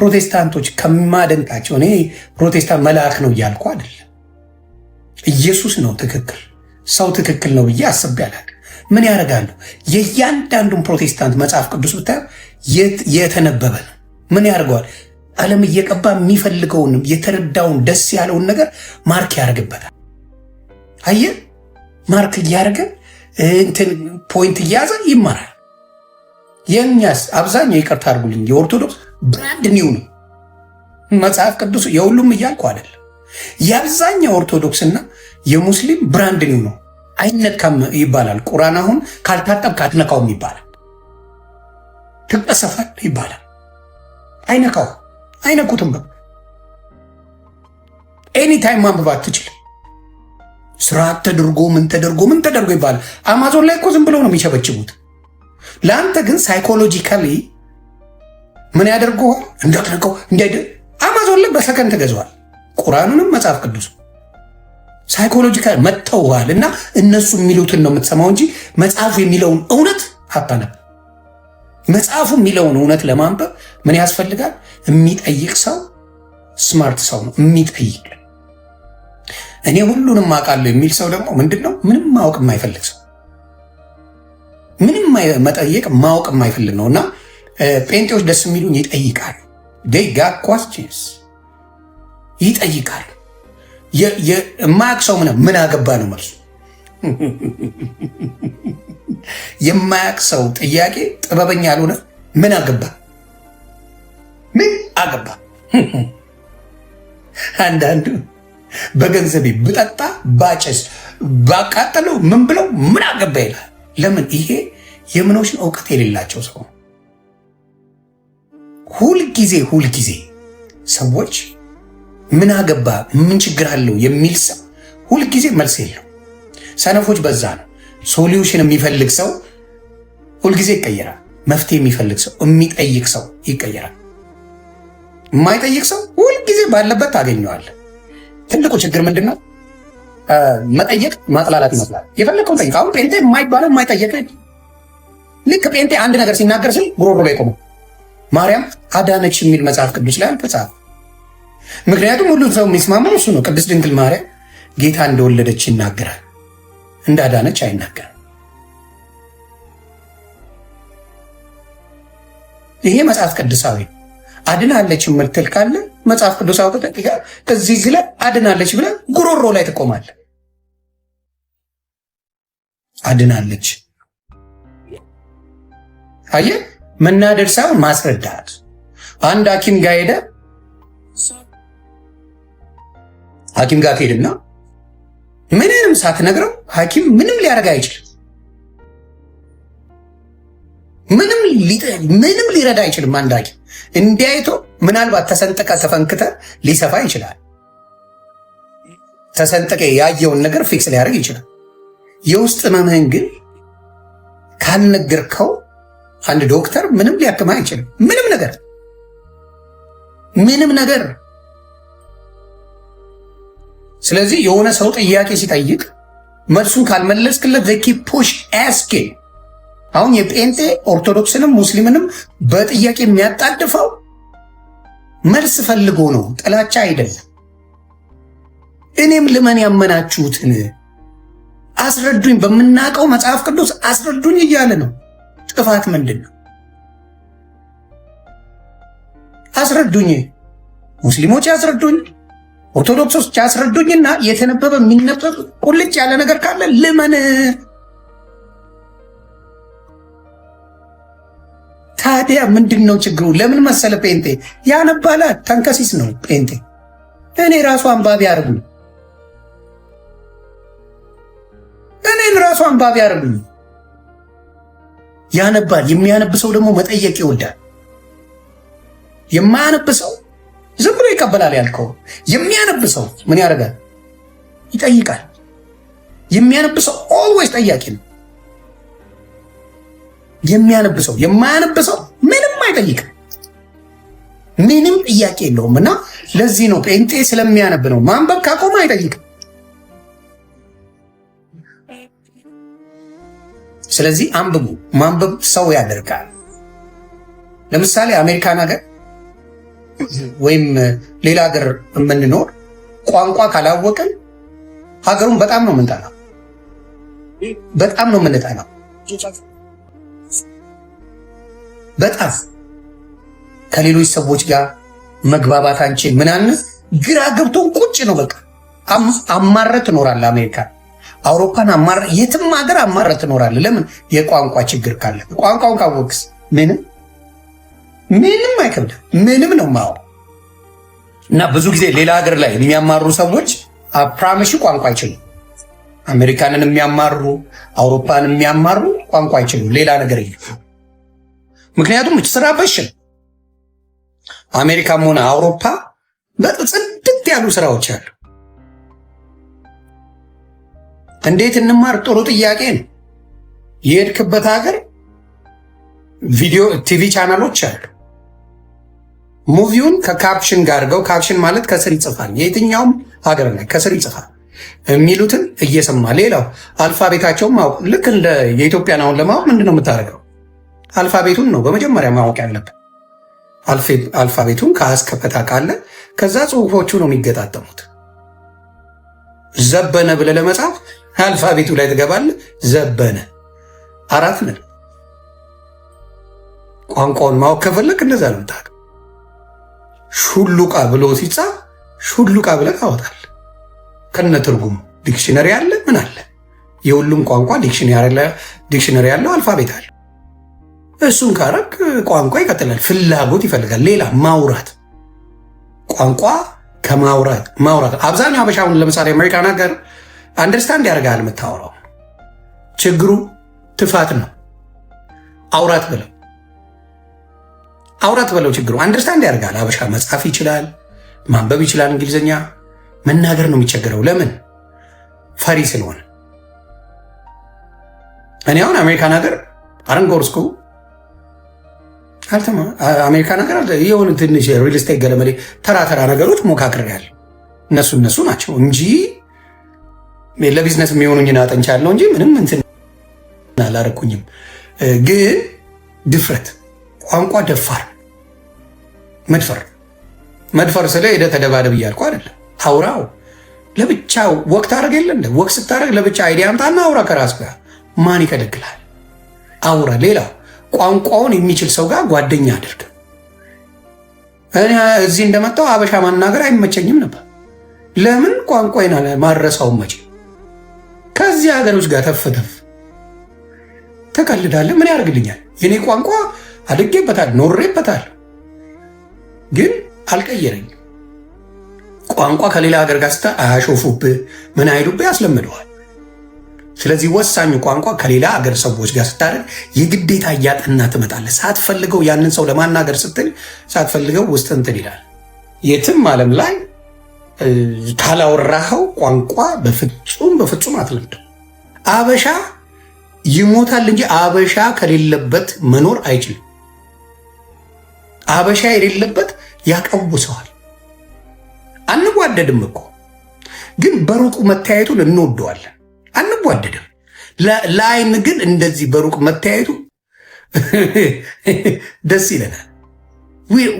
ፕሮቴስታንቶች ከማደንቃቸው እኔ ፕሮቴስታንት መልአክ ነው እያልኩ አይደለም። ኢየሱስ ነው ትክክል፣ ሰው ትክክል ነው ብዬ አስቤ አላውቅም። ምን ያደርጋሉ? የእያንዳንዱን ፕሮቴስታንት መጽሐፍ ቅዱስ ብታየው የተነበበ ነው። ምን ያደርገዋል? ዓለም እየቀባ የሚፈልገውንም የተረዳውን ደስ ያለውን ነገር ማርክ ያደርግበታል። አየ ማርክ እያደረገ እንትን ፖይንት እያያዘ ይማራል። የእኛስ አብዛኛው ይቅርታ አድርጉልኝ የኦርቶዶክስ ብራንድ ኒው ነው። መጽሐፍ ቅዱስ የሁሉም እያልኩ አደለ የአብዛኛው ኦርቶዶክስና የሙስሊም ብራንድ ኒው ነው። አይነካም ይባላል። ቁራን አሁን ካልታጠብክ አትነካውም ይባላል። ትቀሰፋል ይባላል። አይነካው አይነኩትም። በቃ ኤኒታይም ማንበባት ትችልም። ስርዓት ተደርጎ ምን ተደርጎ ምን ተደርጎ ይባላል። አማዞን ላይ እኮ ዝም ብለው ነው የሚሸበችቡት? ለአንተ ግን ሳይኮሎጂካሊ ምን ያደርገው እንዳትልቀው እንዳይደ አማዞን ላይ በሰከንድ ተገዘዋል። ቁርአኑንም መጽሐፍ ቅዱስ ሳይኮሎጂካል መጥተዋል። እና እነሱ የሚሉትን ነው የምትሰማው እንጂ መጽሐፉ የሚለውን እውነት አታነብ። መጽሐፉ የሚለውን እውነት ለማንበብ ምን ያስፈልጋል? የሚጠይቅ ሰው ስማርት ሰው ነው የሚጠይቅ። እኔ ሁሉንም አውቃለሁ የሚል ሰው ደግሞ ምንድን ነው? ምንም ማወቅ የማይፈልግ ሰው፣ ምንም መጠየቅ ማወቅ የማይፈልግ ነው እና ጴንጤዎች ደስ የሚሉኝ ይጠይቃሉ። ጋ ጋት ኳስችንስ ይጠይቃሉ። ሰው ምን ምን አገባ ነው መልሱ። የማያቅ ሰው ጥያቄ ጥበበኛ ያልሆነ ምን አገባ ምን አገባ። አንዳንዱ በገንዘቤ ብጠጣ ባጨስ ባቃጠለው ምን ብለው ምን አገባ ይላል። ለምን? ይሄ የምኖችን እውቀት የሌላቸው ሰው ነው። ሁልጊዜ ሁልጊዜ ሰዎች ምን አገባ ምን ችግር አለው የሚል ሰው ሁልጊዜ መልስ የለው። ሰነፎች በዛ ነው። ሶሉሽን የሚፈልግ ሰው ሁልጊዜ ይቀየራል። መፍትሄ የሚፈልግ ሰው የሚጠይቅ ሰው ይቀየራል። የማይጠይቅ ሰው ሁልጊዜ ባለበት ታገኘዋለህ። ትልቁ ችግር ምንድን ነው? መጠየቅ ማጥላላት ይመስላል። የፈለግከው ጠይቅ። አሁን ጴንጤ የማይባለው የማይጠየቅ ልክ ጴንጤ አንድ ነገር ሲናገር ስል ጉሮሮ ላይ ቆመ ማርያም አዳነች የሚል መጽሐፍ ቅዱስ ላይ አልተጻፈ። ምክንያቱም ሁሉም ሰው የሚስማማው እሱ ነው። ቅድስት ድንግል ማርያም ጌታ እንደወለደች ይናገራል፣ እንዳዳነች አይናገርም። ይሄ መጽሐፍ ቅዱሳዊ ነው። አድናለች የምትል ካለ መጽሐፍ ቅዱስ አውጥተህ እዚህ እዚህ ላይ አድናለች ብለ ጉሮሮ ላይ ትቆማለ አድናለች አየህ መናደድ ሳይሆን ማስረዳት። አንድ ሐኪም ጋር ሄደ ሐኪም ጋር ከሄድና ምንም ሳትነግረው ሐኪም ምንም ሊያደርግ አይችልም። ምንም ምንም ሊረዳ አይችልም። አንድ ሐኪም እንዲያይቶ ምናልባት ተሰንጠቀ ተፈንክተ ሊሰፋ ይችላል። ተሰንጠቀ ያየውን ነገር ፊክስ ሊያደርግ ይችላል። የውስጥ መምህን ግን ካልነገርከው አንድ ዶክተር ምንም ሊያክም አይችልም። ምንም ነገር ምንም ነገር። ስለዚህ የሆነ ሰው ጥያቄ ሲጠይቅ መልሱን ካልመለስክለት ዘኪ ፑሽ አስኬ አሁን የጴንጤ ኦርቶዶክስንም ሙስሊምንም በጥያቄ የሚያጣድፈው መልስ ፈልጎ ነው፣ ጥላቻ አይደለም። እኔም ልመን ያመናችሁትን አስረዱኝ፣ በምናውቀው መጽሐፍ ቅዱስ አስረዱኝ እያለ ነው። ጥፋት ምንድን ነው? አስረዱኝ። ሙስሊሞች ያስረዱኝ፣ ኦርቶዶክሶች ያስረዱኝና የተነበበ የሚነበብ ቁልጭ ያለ ነገር ካለ ልመን። ታዲያ ምንድን ነው ችግሩ? ለምን መሰለ ጴንጤ ያነባለ ተንከሲስ ነው ጴንጤ። እኔ ራሱ አንባቢ አርጉኝ፣ እኔን ራሱ አንባቢ አርጉኝ። ያነባል። የሚያነብ ሰው ደግሞ መጠየቅ ይወዳል። የማያነብ ሰው ዝም ብሎ ይቀበላል ያልከው። የሚያነብ ሰው ምን ያደርጋል? ይጠይቃል። የሚያነብ ሰው ኦልዌይስ ጠያቂ ነው። የሚያነብ ሰው የማያነብ ሰው ምንም አይጠይቅም፣ ምንም ጥያቄ የለውም። እና ለዚህ ነው ጴንጤ ስለሚያነብ ነው። ማንበብ ካቆመ አይጠይቅም። ስለዚህ አንብቡ። ማንበብ ሰው ያደርጋል። ለምሳሌ አሜሪካን ሀገር ወይም ሌላ ሀገር የምንኖር ቋንቋ ካላወቅን ሀገሩን በጣም ነው የምንጠላው፣ በጣም ነው የምንጠላው። በጣም ከሌሎች ሰዎች ጋር መግባባት አንችል ምናምን ግራ ገብቶን ቁጭ ነው በቃ አማረ ትኖራለህ አሜሪካን አውሮፓን አማራ የትም ሀገር አማራ ትኖራለህ። ለምን? የቋንቋ ችግር ካለ ቋንቋውን ካወቅስ ምንም ምንም አይከብድም። ምንም ነው ማው እና ብዙ ጊዜ ሌላ ሀገር ላይ የሚያማሩ ሰዎች አፕራምሽ ቋንቋ አይችሉም። አሜሪካንን የሚያማሩ አውሮፓን የሚያማሩ ቋንቋ አይችሉም። ሌላ ነገር የለም። ምክንያቱም ስራ በሽን አሜሪካም ሆነ አውሮፓ በጽድት ያሉ ስራዎች አሉ። እንዴት እንማር? ጥሩ ጥያቄ ነው። የሄድክበት ሀገር ቪዲዮ ቲቪ ቻናሎች አሉ። ሙቪውን ከካፕሽን ጋር አድርገው፣ ካፕሽን ማለት ከስር ይጽፋል። የትኛውም ሀገር ላይ ከስር ይጽፋል የሚሉትን እየሰማ ሌላው አልፋቤታቸውን ማወቅ ልክ እንደ የኢትዮጵያን አሁን ለማወቅ ምንድን ነው የምታደርገው? አልፋቤቱን ነው በመጀመሪያ ማወቅ ያለብን። አልፋቤቱን ከአስከፈታ ካለ ከዛ ጽሁፎቹ ነው የሚገጣጠሙት። ዘበነ ብለህ ለመጻፍ አልፋቤቱ ላይ ትገባለህ። ዘበነ አራት ነን። ቋንቋውን ማወቅ ከፈለግ እንደዛ ነው ምታቅ። ሹሉቃ ብሎ ሲጻፍ ሹሉቃ ብለ ታወጣል። ከነ ትርጉሙ። ዲክሽነሪ አለ ምን አለ የሁሉም ቋንቋ ዲክሽነሪ ያለው አልፋቤት አለ። እሱን ካረግ ቋንቋ ይቀጥላል። ፍላጎት ይፈልጋል ሌላ ማውራት ቋንቋ ከማውራት ማውራት አብዛኛው ሁን ለምሳሌ አሜሪካን ሀገር አንደርስታንድ ያደርጋል የምታወራው ችግሩ ትፋት ነው። አውራት ብለው አውራት ብለው ችግሩ አንደርስታንድ ያደርጋል። አበሻ መጻፍ ይችላል፣ ማንበብ ይችላል፣ እንግሊዝኛ መናገር ነው የሚቸገረው። ለምን? ፈሪ ስለሆነ። እኔ አሁን አሜሪካን ሀገር አረንጎርስኩ አልተማ አሜሪካን ሀገር የሆን ትንሽ ሪል ስቴት ገለመሌ ተራ ተራ ነገሮች ሞካክሬያለሁ። እነሱ እነሱ ናቸው እንጂ ለቢዝነስ የሚሆኑኝን አጥንቻለሁ እንጂ ምንም እንትን አላረኩኝም። ግን ድፍረት፣ ቋንቋ ደፋር፣ መድፈር መድፈር ስለ ሄደ ተደባደብ እያልኩ አይደለም። አውራው ለብቻ ወቅት ታደርግ የለ እንደ ወቅት ስታደርግ ለብቻ አይዲያ አምጣና አውራ ከራስ ጋር ማን ይከለክልሃል? አውራ። ሌላ ቋንቋውን የሚችል ሰው ጋር ጓደኛ አድርግ። እኔ እዚህ እንደመጣው አበሻ ማናገር አይመቸኝም ነበር። ለምን ቋንቋይን ማረሳውን መቼ ከዚህ ሀገሮች ጋር ተፈተፍ ተቀልዳለ። ምን ያደርግልኛል? የኔ ቋንቋ አድጌበታል፣ ኖሬበታል፣ ግን አልቀየረኝ ቋንቋ ከሌላ ሀገር ጋር ስታ አያሾፉብህ ምን አይሉብህ ያስለምደዋል። ስለዚህ ወሳኙ ቋንቋ ከሌላ ሀገር ሰዎች ጋር ስታደርግ የግዴታ እያጠና ትመጣለህ። ሳትፈልገው ያንን ሰው ለማናገር ስትል ሳትፈልገው ውስጥ እንትን ይላል። የትም ዓለም ላይ ካላወራኸው ቋንቋ በፍጹም በፍጹም አትለምደው። አበሻ ይሞታል እንጂ አበሻ ከሌለበት መኖር አይችልም። አበሻ የሌለበት ያቀውሰዋል። አንዋደድም እኮ ግን በሩቁ መተያየቱን እንወደዋለን። አንዋደድም ለአይን ግን እንደዚህ በሩቅ መተያየቱ ደስ ይለናል።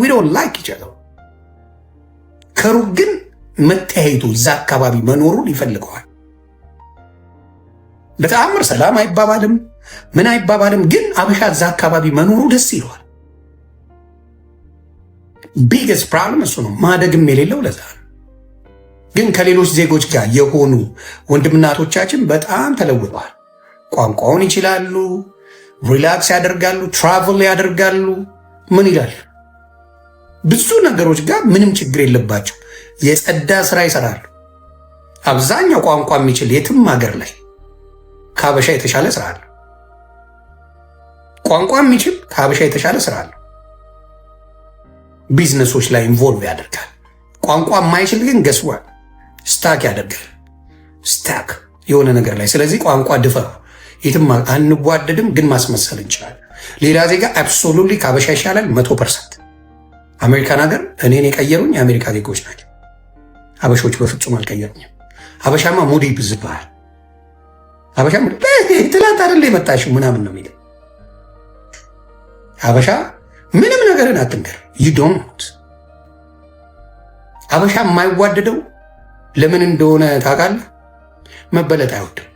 ዊ ዶንት ላይክ ይቻለው ከሩቅ ግን መተያየቱ እዛ አካባቢ መኖሩን ይፈልገዋል። በተአምር ሰላም አይባባልም፣ ምን አይባባልም፣ ግን አበሻ እዛ አካባቢ መኖሩ ደስ ይለዋል። ቢግስ ፕሮብለም እሱ ነው። ማደግም የሌለው ለዛ ነው። ግን ከሌሎች ዜጎች ጋር የሆኑ ወንድምናቶቻችን በጣም ተለውጠዋል። ቋንቋውን ይችላሉ፣ ሪላክስ ያደርጋሉ፣ ትራቭል ያደርጋሉ። ምን ይላል ብዙ ነገሮች ጋር ምንም ችግር የለባቸው። የጸዳ ስራ ይሰራሉ። አብዛኛው ቋንቋ የሚችል የትም ሀገር ላይ ከሀበሻ የተሻለ ስራ አለ። ቋንቋ የሚችል ከሀበሻ የተሻለ ስራ አለ። ቢዝነሶች ላይ ኢንቮልቭ ያደርጋል። ቋንቋ የማይችል ግን ገስዋ ስታክ ያደርጋል። ስታክ የሆነ ነገር ላይ ስለዚህ ቋንቋ ድፈሩ። የትም አንዋደድም፣ ግን ማስመሰል እንችላለን። ሌላ ዜጋ አብሶሉትሊ ከሀበሻ ይሻላል መቶ ፐርሰንት። አሜሪካን ሀገር እኔን የቀየሩኝ የአሜሪካ ዜጎች ናቸው። አበሾች በፍጹም አልቀየሩኝም። አበሻማ ሙድ ይብዝብሃል። አበሻ ትላንት አደለ የመጣሽው ምናምን ነው የሚለው አበሻ። ምንም ነገርን አትንገር። ዩ ዶንት አበሻ የማይዋደደው ለምን እንደሆነ ታውቃለህ? መበለጥ አይወድም።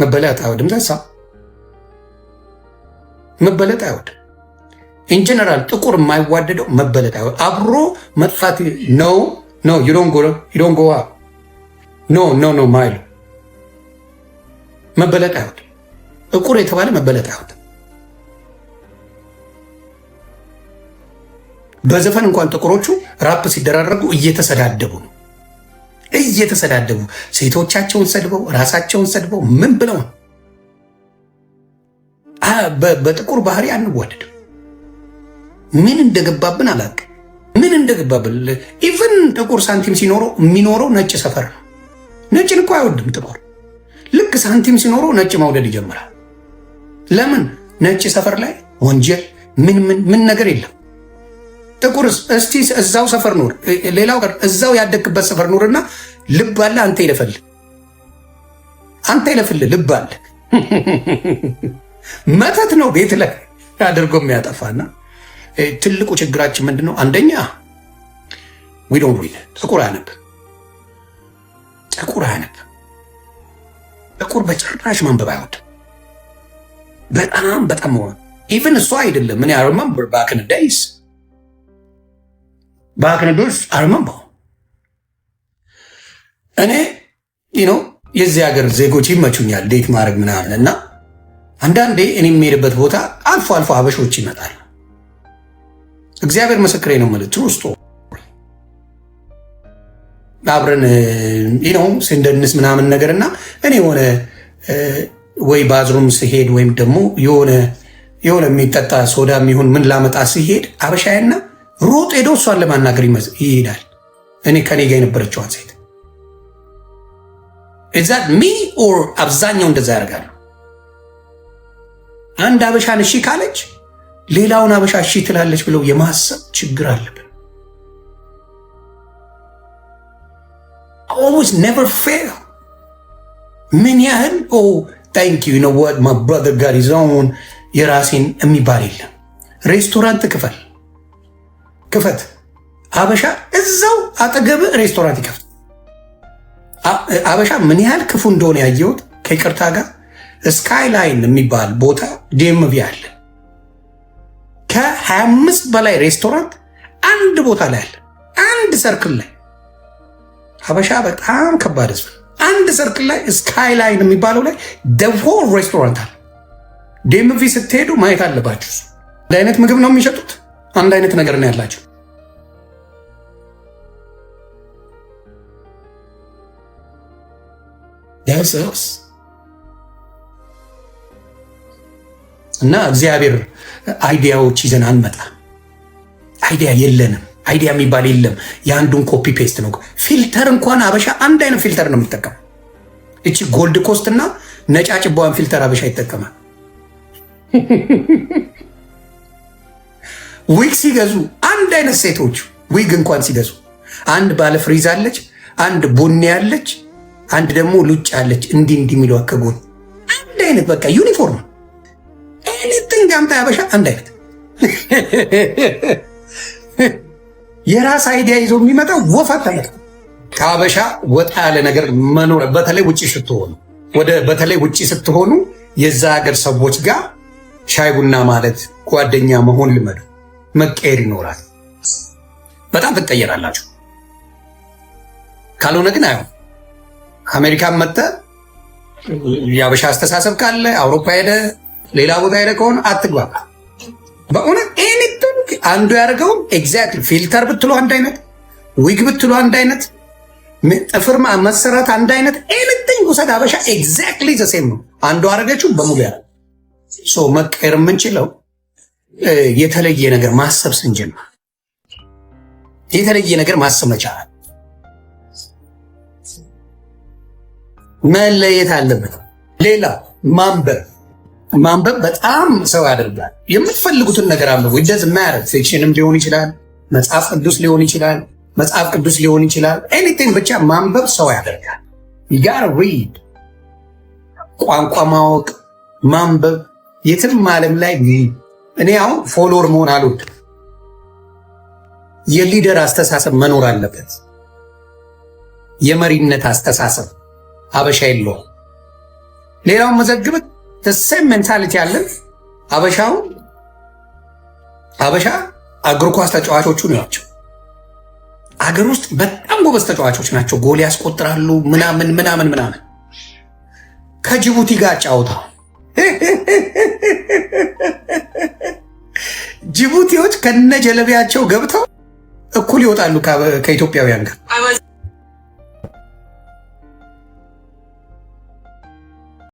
መበለጥ አይወድም። ተሳ መበለጥ አይወድም። ኢንጀነራል ጥቁር የማይዋደደው መበለጥ አብሮ መጥፋት ነው ኖ ይዶንጎዋ ኖ ኖ ኖ ማይሉ መበለጥ አይሁድ ጥቁር የተባለ መበለጥ አይሁድ በዘፈን እንኳን ጥቁሮቹ ራፕ ሲደራረጉ እየተሰዳደቡ ነው እየተሰዳደቡ ሴቶቻቸውን ሰድበው ራሳቸውን ሰድበው ምን ብለው ነው። በጥቁር ባህሪ አንዋደድም። ምን እንደገባብን አላቅ ምን እንደገባብን ኢቨን ጥቁር ሳንቲም ሲኖረው የሚኖረው ነጭ ሰፈር ነው። ነጭን እኮ አይወድም ጥቁር። ልክ ሳንቲም ሲኖረው ነጭ መውደድ ይጀምራል። ለምን? ነጭ ሰፈር ላይ ወንጀል ምን ምን ምን ነገር የለም። ጥቁር እስቲ እዛው ሰፈር ኑር፣ ሌላው ጋር እዛው ያደግበት ሰፈር ኑርና ልብ አለ አንተ ይለፈል አንተ ይለፍል ልብ አለ መተት ነው ቤት ላይ አድርጎ የሚያጠፋና ትልቁ ችግራችን ምንድን ነው? አንደኛ ዊዶን ዊን ጥቁር አያነብ ጥቁር አያነብ ጥቁር በጭራሽ ማንበብ አይወድ በጣም በጣም ኢቨን እሷ አይደለም ምን አርመምበር ባክን ዳይስ ባክን ዶስ አርመምበር እኔ ዩኖ የዚህ ሀገር ዜጎች ይመቹኛል ዴት ማድረግ ምናምን እና አንዳንዴ እኔ የሚሄድበት ቦታ አልፎ አልፎ ሀበሾች ይመጣል እግዚአብሔር ምስክሬ ነው የምልህ ትሩ ስቶ አብረን ይነው ስንደንስ ምናምን ነገር እና እኔ የሆነ ወይ ባዝሩም ስሄድ ወይም ደግሞ የሆነ የሆነ የሚጠጣ ሶዳ የሚሆን ምን ላመጣ ሲሄድ አበሻዬና ሮጥ ሄዶ እሷን ለማናገር ይሄዳል። እኔ ከኔ ጋ የነበረችዋን ሴት ዛት ሚ ኦር አብዛኛው እንደዛ ያደርጋሉ። አንድ አበሻን እሺ ካለች ሌላውን አበሻ እሺ ትላለች ብለው የማሰብ ችግር አለብን። always never ፌል ምን ያህል ኦ ታንክ ዩ ኖ ዋት ማይ ብራዘር ጋር ይዘውን የራሴን የሚባል የለም። ሬስቶራንት ክፈል ክፈት፣ አበሻ እዛው አጠገብ ሬስቶራንት ይከፍት። አበሻ ምን ያህል ክፉ እንደሆነ ያየሁት ከይቅርታ ጋር ስካይላይን የሚባል ቦታ ዴምቪ አለ ከ በላይ ሬስቶራንት አንድ ቦታ ላይ አለ። አንድ ሰርክል ላይ ሀበሻ በጣም ከባድ ህዝብ። አንድ ሰርክል ላይ ስካይላይን የሚባለው ላይ ደቮ ሬስቶራንት አለ። ዴምቪ ስትሄዱ ማየት አለባችሁ። አንድ አይነት ምግብ ነው የሚሸጡት። አንድ አይነት ነገር ነው ያላቸው። ያው እና እግዚአብሔር አይዲያዎች ይዘን አንመጣ። አይዲያ የለንም። አይዲያ የሚባል የለም። የአንዱን ኮፒ ፔስት ነው። ፊልተር እንኳን አበሻ አንድ አይነት ፊልተር ነው የምጠቀም። እቺ ጎልድ ኮስት እና ነጫጭባዋን ፊልተር አበሻ ይጠቀማል። ዊግ ሲገዙ አንድ አይነት ሴቶች ዊግ እንኳን ሲገዙ አንድ ባለ ፍሪዝ አለች፣ አንድ ቡኒ አለች፣ አንድ ደግሞ ሉጭ አለች። እንዲህ እንዲህ የሚለዋ ከጎን አንድ አይነት በቃ ዩኒፎርም ጋምታ ያበሻ አንድ አይነት የራስ አይዲያ ይዞ የሚመጣው ወፋት አይነት ከአበሻ ወጣ ያለ ነገር መኖር በተለይ ውጭ ስትሆኑ ወደ በተለይ ውጭ ስትሆኑ የዛ ሀገር ሰዎች ጋር ሻይ ቡና ማለት ጓደኛ መሆን ልመዱ። መቀየር ይኖራል። በጣም ትቀየራላችሁ። ካልሆነ ግን አይሆን። አሜሪካን መጥተህ የአበሻ አስተሳሰብ ካለ አውሮፓ ሄደ ሌላ ቦታ ሄደ ከሆነ አትግባባ። በእውነት ኤኒቲንግ አንዱ ያደርገው ኤግዛክትሊ ፊልተር ብትሉ አንድ አይነት፣ ዊግ ብትሉ አንድ አይነት፣ ጥፍር መሰራት አንድ አይነት፣ ኤኒቲንግ ውሰድ አበሻ ኤግዛክትሊ ዘሴም ነው። አንዱ አደረገችው በሙሉ ያደርገው መቀየር የምንችለው የተለየ ነገር ማሰብ ስንጀምር፣ የተለየ ነገር ማሰብ መቻላል መለየት አለበት። ሌላ ማንበብ ማንበብ በጣም ሰው ያደርጋል። የምትፈልጉትን ነገር አንብቡ። ደዝ ማያደርግ ፊክሽንም ሊሆን ይችላል፣ መጽሐፍ ቅዱስ ሊሆን ይችላል፣ መጽሐፍ ቅዱስ ሊሆን ይችላል። ኤኒቲንግ ብቻ ማንበብ ሰው ያደርጋል። ጋር ሪድ ቋንቋ ማወቅ ማንበብ የትም ዓለም ላይ እኔ አሁን ፎሎወር መሆን አሉት የሊደር አስተሳሰብ መኖር አለበት። የመሪነት አስተሳሰብ አበሻ የለውም። ሌላውን መዘግበት ተሴም ሜንታሊቲ አለን። አበሻውን አበሻ እግር ኳስ ተጫዋቾቹ ናቸው። አገር ውስጥ በጣም ጎበዝ ተጫዋቾች ናቸው። ጎል ያስቆጥራሉ፣ ምናምን ምናምን ምናምን። ከጅቡቲ ጋር ጫውታ ጅቡቲዎች ከነ ጀለቢያቸው ገብተው እኩል ይወጣሉ ከኢትዮጵያውያን ጋር